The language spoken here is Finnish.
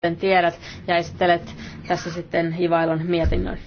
kuten tiedät, ja esittelet tässä sitten Ivailon mietinnön.